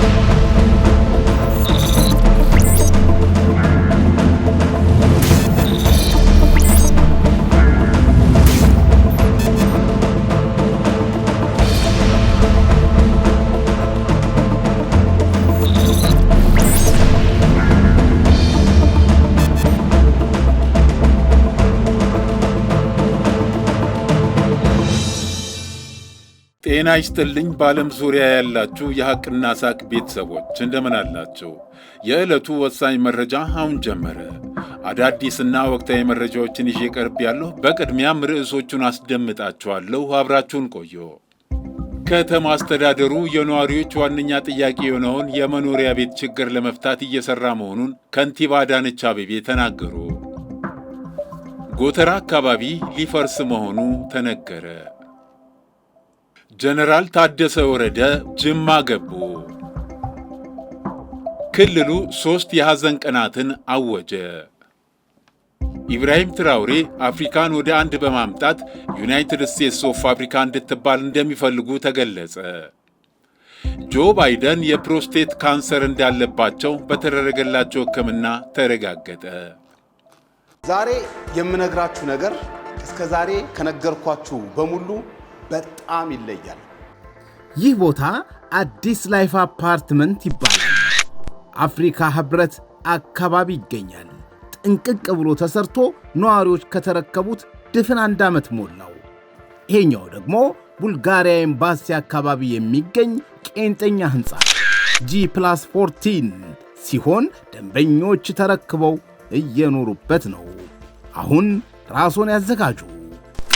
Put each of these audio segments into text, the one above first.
Thank you. ጤና ይስጥልኝ በዓለም ዙሪያ ያላችሁ የሐቅና ሳቅ ቤተሰቦች እንደምን አላችሁ? የዕለቱ ወሳኝ መረጃ አሁን ጀመረ። አዳዲስና ወቅታዊ መረጃዎችን ይዤ ቀርብ ያለሁ። በቅድሚያም ርዕሶቹን አስደምጣችኋለሁ። አብራችሁን ቆዩ። ከተማ አስተዳደሩ የነዋሪዎች ዋነኛ ጥያቄ የሆነውን የመኖሪያ ቤት ችግር ለመፍታት እየሰራ መሆኑን ከንቲባ አዳነች አቤቤ ተናገሩ። ጎተራ አካባቢ ሊፈርስ መሆኑ ተነገረ። ጀነራል ታደሰ ወረደ ጅማ ገቡ። ክልሉ ሦስት የሐዘን ቀናትን አወጀ። ኢብራሂም ትራውሬ አፍሪካን ወደ አንድ በማምጣት ዩናይትድ ስቴትስ ኦፍ አፍሪካ እንድትባል እንደሚፈልጉ ተገለጸ። ጆ ባይደን የፕሮስቴት ካንሰር እንዳለባቸው በተደረገላቸው ሕክምና ተረጋገጠ። ዛሬ የምነግራችሁ ነገር እስከ ዛሬ ከነገርኳችሁ በሙሉ በጣም ይለያል። ይህ ቦታ አዲስ ላይፍ አፓርትመንት ይባላል። አፍሪካ ህብረት አካባቢ ይገኛል። ጥንቅቅ ብሎ ተሰርቶ ነዋሪዎች ከተረከቡት ድፍን አንድ ዓመት ሞላው። ይሄኛው ደግሞ ቡልጋሪያ ኤምባሲ አካባቢ የሚገኝ ቄንጠኛ ሕንፃ ጂ ፕላስ 14 ሲሆን ደንበኞች ተረክበው እየኖሩበት ነው። አሁን ራስዎን ያዘጋጁ።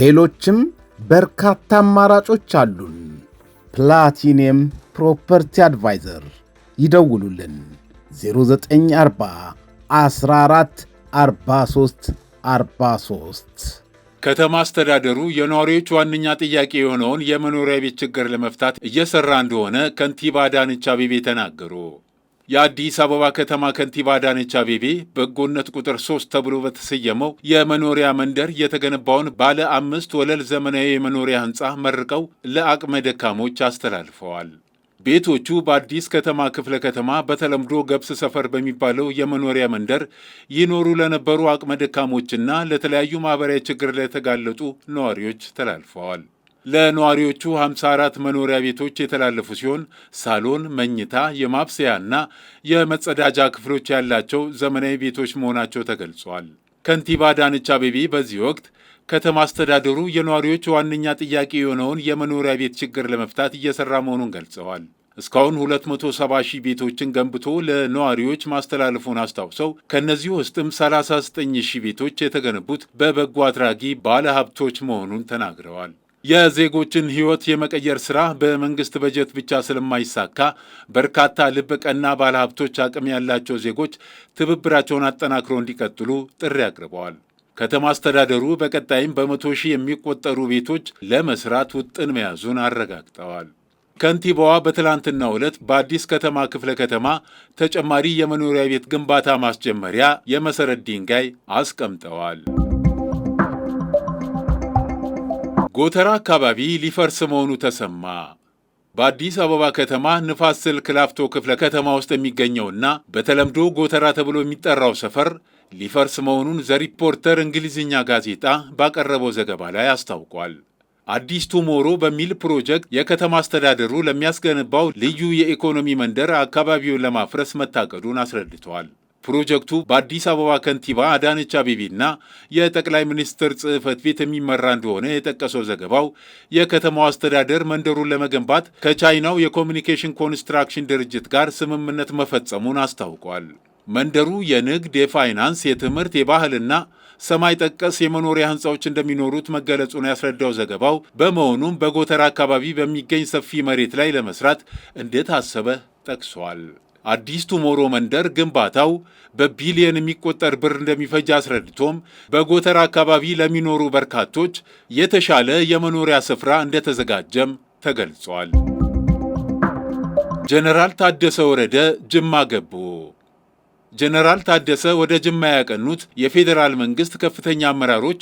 ሌሎችም በርካታ አማራጮች አሉን። ፕላቲኒየም ፕሮፐርቲ አድቫይዘር ይደውሉልን 0940 14 43 43 ከተማ አስተዳደሩ የነዋሪዎች ዋነኛ ጥያቄ የሆነውን የመኖሪያ ቤት ችግር ለመፍታት እየሰራ እንደሆነ ከንቲባ አዳነች አቤቤ ተናገሩ። የአዲስ አበባ ከተማ ከንቲባ አዳነች አቤቤ በጎነት ቁጥር ሶስት ተብሎ በተሰየመው የመኖሪያ መንደር የተገነባውን ባለ አምስት ወለል ዘመናዊ የመኖሪያ ሕንፃ መርቀው ለአቅመ ደካሞች አስተላልፈዋል። ቤቶቹ በአዲስ ከተማ ክፍለ ከተማ በተለምዶ ገብስ ሰፈር በሚባለው የመኖሪያ መንደር ይኖሩ ለነበሩ አቅመ ደካሞችና ለተለያዩ ማህበራዊ ችግር ለተጋለጡ ነዋሪዎች ተላልፈዋል። ለነዋሪዎቹ 54 መኖሪያ ቤቶች የተላለፉ ሲሆን ሳሎን፣ መኝታ፣ የማብሰያና የመጸዳጃ ክፍሎች ያላቸው ዘመናዊ ቤቶች መሆናቸው ተገልጿል። ከንቲባ አዳነች አቤቤ በዚህ ወቅት ከተማ አስተዳደሩ የነዋሪዎች ዋነኛ ጥያቄ የሆነውን የመኖሪያ ቤት ችግር ለመፍታት እየሰራ መሆኑን ገልጸዋል። እስካሁን 270 ሺህ ቤቶችን ገንብቶ ለነዋሪዎች ማስተላለፉን አስታውሰው ከእነዚህ ውስጥም 39 ሺህ ቤቶች የተገነቡት በበጎ አድራጊ ባለሀብቶች መሆኑን ተናግረዋል። የዜጎችን ሕይወት የመቀየር ሥራ በመንግሥት በጀት ብቻ ስለማይሳካ በርካታ ልብቀና ቀና ባለሀብቶች አቅም ያላቸው ዜጎች ትብብራቸውን አጠናክረው እንዲቀጥሉ ጥሪ አቅርበዋል። ከተማ አስተዳደሩ በቀጣይም በመቶ ሺህ የሚቆጠሩ ቤቶች ለመስራት ውጥን መያዙን አረጋግጠዋል። ከንቲባዋ በትላንትናው ዕለት በአዲስ ከተማ ክፍለ ከተማ ተጨማሪ የመኖሪያ ቤት ግንባታ ማስጀመሪያ የመሰረት ድንጋይ አስቀምጠዋል። ጎተራ አካባቢ ሊፈርስ መሆኑ ተሰማ። በአዲስ አበባ ከተማ ንፋስ ስልክ ላፍቶ ክፍለ ከተማ ውስጥ የሚገኘውና በተለምዶ ጎተራ ተብሎ የሚጠራው ሰፈር ሊፈርስ መሆኑን ዘሪፖርተር እንግሊዝኛ ጋዜጣ ባቀረበው ዘገባ ላይ አስታውቋል። አዲስ ቱሞሮ በሚል ፕሮጀክት የከተማ አስተዳደሩ ለሚያስገነባው ልዩ የኢኮኖሚ መንደር አካባቢውን ለማፍረስ መታቀዱን አስረድተዋል። ፕሮጀክቱ በአዲስ አበባ ከንቲባ አዳነች አቤቤና የጠቅላይ ሚኒስትር ጽህፈት ቤት የሚመራ እንደሆነ የጠቀሰው ዘገባው የከተማው አስተዳደር መንደሩን ለመገንባት ከቻይናው የኮሚኒኬሽን ኮንስትራክሽን ድርጅት ጋር ስምምነት መፈጸሙን አስታውቋል። መንደሩ የንግድ፣ የፋይናንስ፣ የትምህርት፣ የባህልና ሰማይ ጠቀስ የመኖሪያ ህንፃዎች እንደሚኖሩት መገለጹን ያስረዳው ዘገባው በመሆኑም በጎተራ አካባቢ በሚገኝ ሰፊ መሬት ላይ ለመስራት እንደታሰበ ጠቅሷል። አዲስ ቱሞሮ መንደር ግንባታው በቢሊየን የሚቆጠር ብር እንደሚፈጅ አስረድቶም በጎተራ አካባቢ ለሚኖሩ በርካቶች የተሻለ የመኖሪያ ስፍራ እንደተዘጋጀም ተገልጿል። ጀነራል ታደሰ ወረደ ጅማ ገቡ። ጀነራል ታደሰ ወደ ጅማ ያቀኑት የፌዴራል መንግስት ከፍተኛ አመራሮች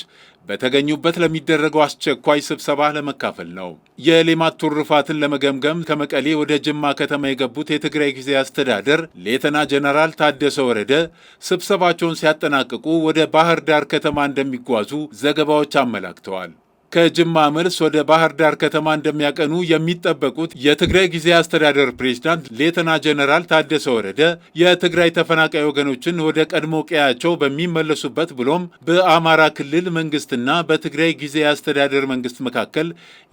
በተገኙበት ለሚደረገው አስቸኳይ ስብሰባ ለመካፈል ነው። የሌማት ትሩፋትን ለመገምገም ከመቀሌ ወደ ጅማ ከተማ የገቡት የትግራይ ጊዜ አስተዳደር ሌተና ጀነራል ታደሰ ወረደ ስብሰባቸውን ሲያጠናቅቁ ወደ ባህር ዳር ከተማ እንደሚጓዙ ዘገባዎች አመላክተዋል። ከጅማ መልስ ወደ ባህር ዳር ከተማ እንደሚያቀኑ የሚጠበቁት የትግራይ ጊዜ አስተዳደር ፕሬዝዳንት ሌተና ጀነራል ታደሰ ወረደ የትግራይ ተፈናቃይ ወገኖችን ወደ ቀድሞ ቀያቸው በሚመለሱበት ብሎም በአማራ ክልል መንግስትና በትግራይ ጊዜ አስተዳደር መንግስት መካከል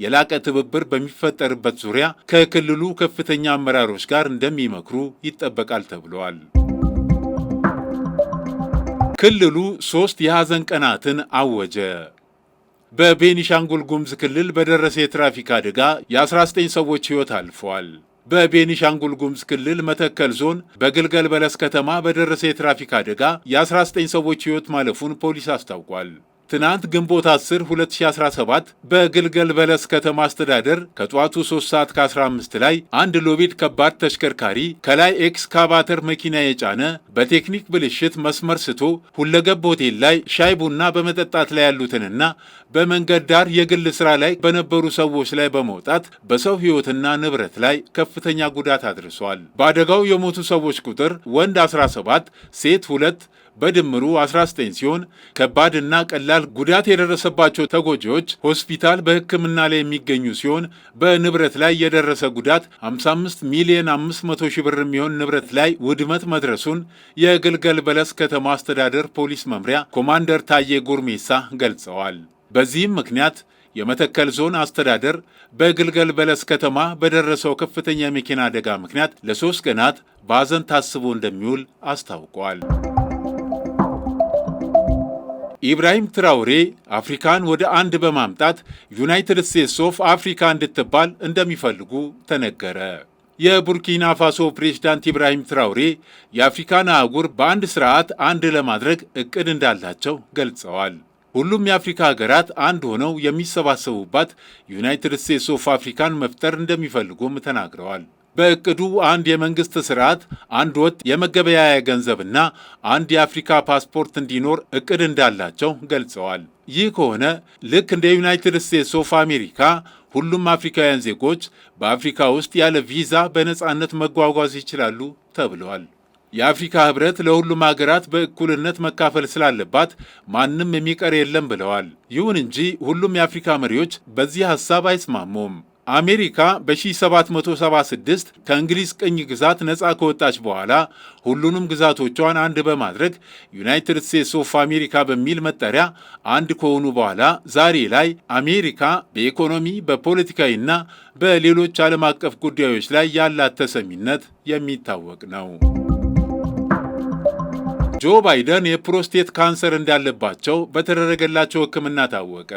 የላቀ ትብብር በሚፈጠርበት ዙሪያ ከክልሉ ከፍተኛ አመራሮች ጋር እንደሚመክሩ ይጠበቃል ተብለዋል። ክልሉ ሶስት የሐዘን ቀናትን አወጀ። በቤኒሻንጉል ጉሙዝ ክልል በደረሰ የትራፊክ አደጋ የ19 ሰዎች ሕይወት አልፈዋል። በቤኒሻንጉል ጉሙዝ ክልል መተከል ዞን በግልገል በለስ ከተማ በደረሰ የትራፊክ አደጋ የ19 ሰዎች ሕይወት ማለፉን ፖሊስ አስታውቋል። ትናንት ግንቦት 10 2017 በግልገል በለስ ከተማ አስተዳደር ከጠዋቱ 3 ሰዓት ከ15 ላይ አንድ ሎቢድ ከባድ ተሽከርካሪ ከላይ ኤክስካቫተር መኪና የጫነ በቴክኒክ ብልሽት መስመር ስቶ ሁለገብ ሆቴል ላይ ሻይ ቡና በመጠጣት ላይ ያሉትንና በመንገድ ዳር የግል ስራ ላይ በነበሩ ሰዎች ላይ በመውጣት በሰው ሕይወትና ንብረት ላይ ከፍተኛ ጉዳት አድርሷል። በአደጋው የሞቱ ሰዎች ቁጥር ወንድ 17፣ ሴት 2 በድምሩ 19 ሲሆን ከባድና ቀላል ጉዳት የደረሰባቸው ተጎጂዎች ሆስፒታል በሕክምና ላይ የሚገኙ ሲሆን በንብረት ላይ የደረሰ ጉዳት 55 ሚሊዮን 500 ሺህ ብር የሚሆን ንብረት ላይ ውድመት መድረሱን የግልገል በለስ ከተማ አስተዳደር ፖሊስ መምሪያ ኮማንደር ታዬ ጉርሜሳ ገልጸዋል። በዚህም ምክንያት የመተከል ዞን አስተዳደር በግልገል በለስ ከተማ በደረሰው ከፍተኛ የመኪና አደጋ ምክንያት ለሶስት ቀናት በሐዘን ታስቦ እንደሚውል አስታውቋል። ኢብራሂም ትራውሬ አፍሪካን ወደ አንድ በማምጣት ዩናይትድ ስቴትስ ኦፍ አፍሪካ እንድትባል እንደሚፈልጉ ተነገረ። የቡርኪና ፋሶ ፕሬዝዳንት ኢብራሂም ትራውሬ የአፍሪካን አህጉር በአንድ ስርዓት አንድ ለማድረግ እቅድ እንዳላቸው ገልጸዋል። ሁሉም የአፍሪካ ሀገራት አንድ ሆነው የሚሰባሰቡባት ዩናይትድ ስቴትስ ኦፍ አፍሪካን መፍጠር እንደሚፈልጉም ተናግረዋል። በእቅዱ አንድ የመንግስት ስርዓት፣ አንድ ወጥ የመገበያያ ገንዘብና አንድ የአፍሪካ ፓስፖርት እንዲኖር እቅድ እንዳላቸው ገልጸዋል። ይህ ከሆነ ልክ እንደ ዩናይትድ ስቴትስ ኦፍ አሜሪካ ሁሉም አፍሪካውያን ዜጎች በአፍሪካ ውስጥ ያለ ቪዛ በነፃነት መጓጓዝ ይችላሉ ተብለዋል። የአፍሪካ ህብረት ለሁሉም አገራት በእኩልነት መካፈል ስላለባት ማንም የሚቀር የለም ብለዋል። ይሁን እንጂ ሁሉም የአፍሪካ መሪዎች በዚህ ሀሳብ አይስማሙም። አሜሪካ በ1776 ከእንግሊዝ ቅኝ ግዛት ነፃ ከወጣች በኋላ ሁሉንም ግዛቶቿን አንድ በማድረግ ዩናይትድ ስቴትስ ኦፍ አሜሪካ በሚል መጠሪያ አንድ ከሆኑ በኋላ ዛሬ ላይ አሜሪካ በኢኮኖሚ በፖለቲካዊና በሌሎች ዓለም አቀፍ ጉዳዮች ላይ ያላት ተሰሚነት የሚታወቅ ነው። ጆ ባይደን የፕሮስቴት ካንሰር እንዳለባቸው በተደረገላቸው ሕክምና ታወቀ።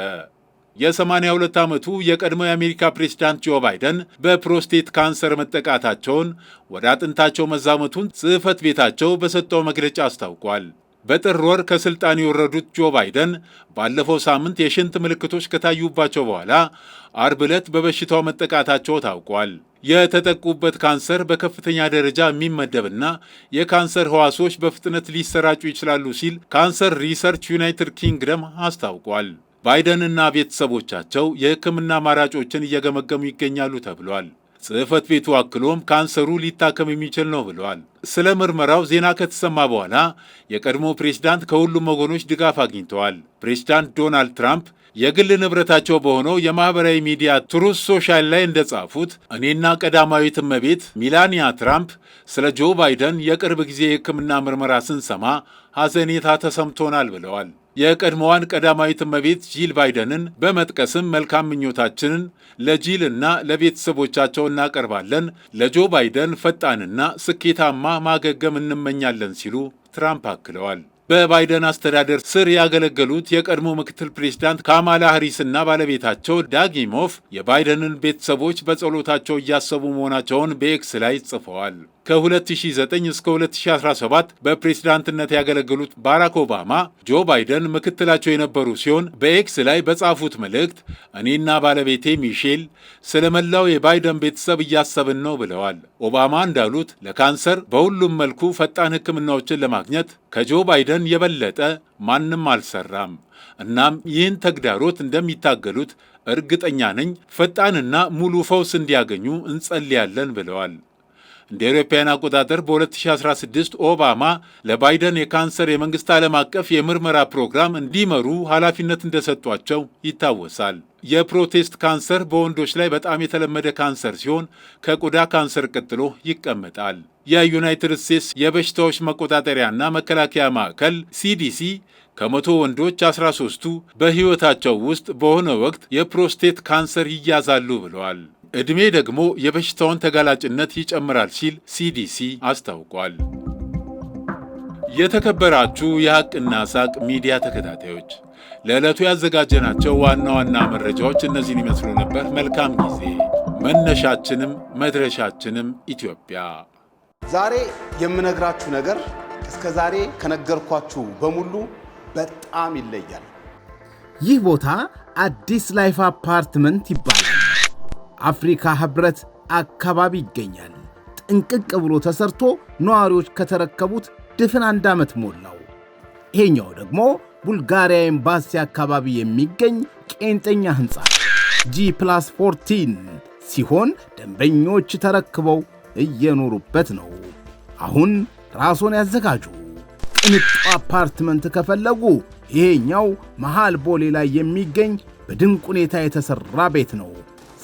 የ82 ዓመቱ የቀድሞ የአሜሪካ ፕሬዚዳንት ጆ ባይደን በፕሮስቴት ካንሰር መጠቃታቸውን ወደ አጥንታቸው መዛመቱን ጽሕፈት ቤታቸው በሰጠው መግለጫ አስታውቋል። በጥር ወር ከስልጣን የወረዱት ጆ ባይደን ባለፈው ሳምንት የሽንት ምልክቶች ከታዩባቸው በኋላ አርብ ዕለት በበሽታው መጠቃታቸው ታውቋል። የተጠቁበት ካንሰር በከፍተኛ ደረጃ የሚመደብና የካንሰር ህዋሶች በፍጥነት ሊሰራጩ ይችላሉ ሲል ካንሰር ሪሰርች ዩናይትድ ኪንግደም አስታውቋል። ባይደንና ቤተሰቦቻቸው የሕክምና አማራጮችን እየገመገሙ ይገኛሉ ተብሏል። ጽህፈት ቤቱ አክሎም ካንሰሩ ሊታከም የሚችል ነው ብለዋል። ስለ ምርመራው ዜና ከተሰማ በኋላ የቀድሞ ፕሬዝዳንት ከሁሉም ወገኖች ድጋፍ አግኝተዋል። ፕሬዚዳንት ዶናልድ ትራምፕ የግል ንብረታቸው በሆነው የማኅበራዊ ሚዲያ ትሩስ ሶሻል ላይ እንደጻፉት እኔና ቀዳማዊት እመቤት ሚላኒያ ትራምፕ ስለ ጆ ባይደን የቅርብ ጊዜ የሕክምና ምርመራ ስንሰማ ሐዘኔታ ተሰምቶናል ብለዋል። የቀድሞዋን ቀዳማዊት እመቤት ጂል ባይደንን በመጥቀስም መልካም ምኞታችንን ለጂል እና ለቤተሰቦቻቸው እናቀርባለን፣ ለጆ ባይደን ፈጣንና ስኬታማ ማገገም እንመኛለን ሲሉ ትራምፕ አክለዋል። በባይደን አስተዳደር ስር ያገለገሉት የቀድሞ ምክትል ፕሬዚዳንት ካማላ ሀሪስና ባለቤታቸው ዳጊሞፍ የባይደንን ቤተሰቦች በጸሎታቸው እያሰቡ መሆናቸውን በኤክስ ላይ ጽፈዋል። ከ2009 እስከ 2017 በፕሬዝዳንትነት ያገለገሉት ባራክ ኦባማ ጆ ባይደን ምክትላቸው የነበሩ ሲሆን በኤክስ ላይ በጻፉት መልእክት እኔና ባለቤቴ ሚሼል ስለ መላው የባይደን ቤተሰብ እያሰብን ነው ብለዋል። ኦባማ እንዳሉት ለካንሰር በሁሉም መልኩ ፈጣን ሕክምናዎችን ለማግኘት ከጆ ባይደን የበለጠ ማንም አልሰራም። እናም ይህን ተግዳሮት እንደሚታገሉት እርግጠኛ ነኝ። ፈጣንና ሙሉ ፈውስ እንዲያገኙ እንጸልያለን ብለዋል። እንደ አውሮፓውያን አቆጣጠር በ2016 ኦባማ ለባይደን የካንሰር የመንግሥት ዓለም አቀፍ የምርመራ ፕሮግራም እንዲመሩ ኃላፊነት እንደሰጧቸው ይታወሳል። የፕሮቴስት ካንሰር በወንዶች ላይ በጣም የተለመደ ካንሰር ሲሆን ከቆዳ ካንሰር ቀጥሎ ይቀመጣል። የዩናይትድ ስቴትስ የበሽታዎች መቆጣጠሪያና መከላከያ ማዕከል ሲዲሲ ከመቶ ወንዶች 13ቱ በሕይወታቸው ውስጥ በሆነ ወቅት የፕሮስቴት ካንሰር ይያዛሉ ብለዋል። ዕድሜ ደግሞ የበሽታውን ተጋላጭነት ይጨምራል ሲል ሲዲሲ አስታውቋል። የተከበራችሁ የሐቅና ሳቅ ሚዲያ ተከታታዮች ለዕለቱ ያዘጋጀናቸው ዋና ዋና መረጃዎች እነዚህን ይመስሉ ነበር። መልካም ጊዜ። መነሻችንም መድረሻችንም ኢትዮጵያ። ዛሬ የምነግራችሁ ነገር እስከ ዛሬ ከነገርኳችሁ በሙሉ በጣም ይለያል። ይህ ቦታ አዲስ ላይፍ አፓርትመንት ይባላል። አፍሪካ ህብረት አካባቢ ይገኛል። ጥንቅቅ ብሎ ተሰርቶ ነዋሪዎች ከተረከቡት ድፍን አንድ ዓመት ሞላው። ይሄኛው ደግሞ ቡልጋሪያ ኤምባሲ አካባቢ የሚገኝ ቄንጠኛ ሕንፃ ጂ ፕላስ 14 ሲሆን ደንበኞች ተረክበው እየኖሩበት ነው። አሁን ራስዎን ያዘጋጁ። ቅንጡ አፓርትመንት ከፈለጉ ይሄኛው መሃል ቦሌ ላይ የሚገኝ በድንቅ ሁኔታ የተሠራ ቤት ነው።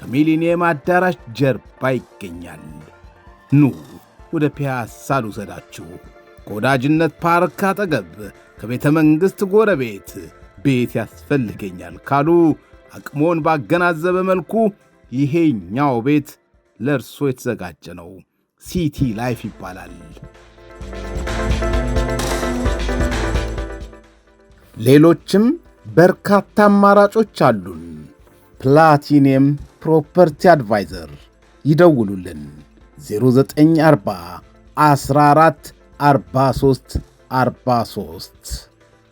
ከሚሊኒየም አዳራሽ ጀርባ ይገኛል። ኑ ወደ ፒያሳ ልውሰዳችሁ። ከወዳጅነት ፓርክ አጠገብ ከቤተ መንግሥት ጎረቤት ቤት ያስፈልገኛል ካሉ አቅሞን ባገናዘበ መልኩ ይሄኛው ቤት ለእርሶ የተዘጋጀ ነው። ሲቲ ላይፍ ይባላል። ሌሎችም በርካታ አማራጮች አሉን። ፕላቲኒየም ፕሮፐርቲ አድቫይዘር ይደውሉልን 0940 14 43 43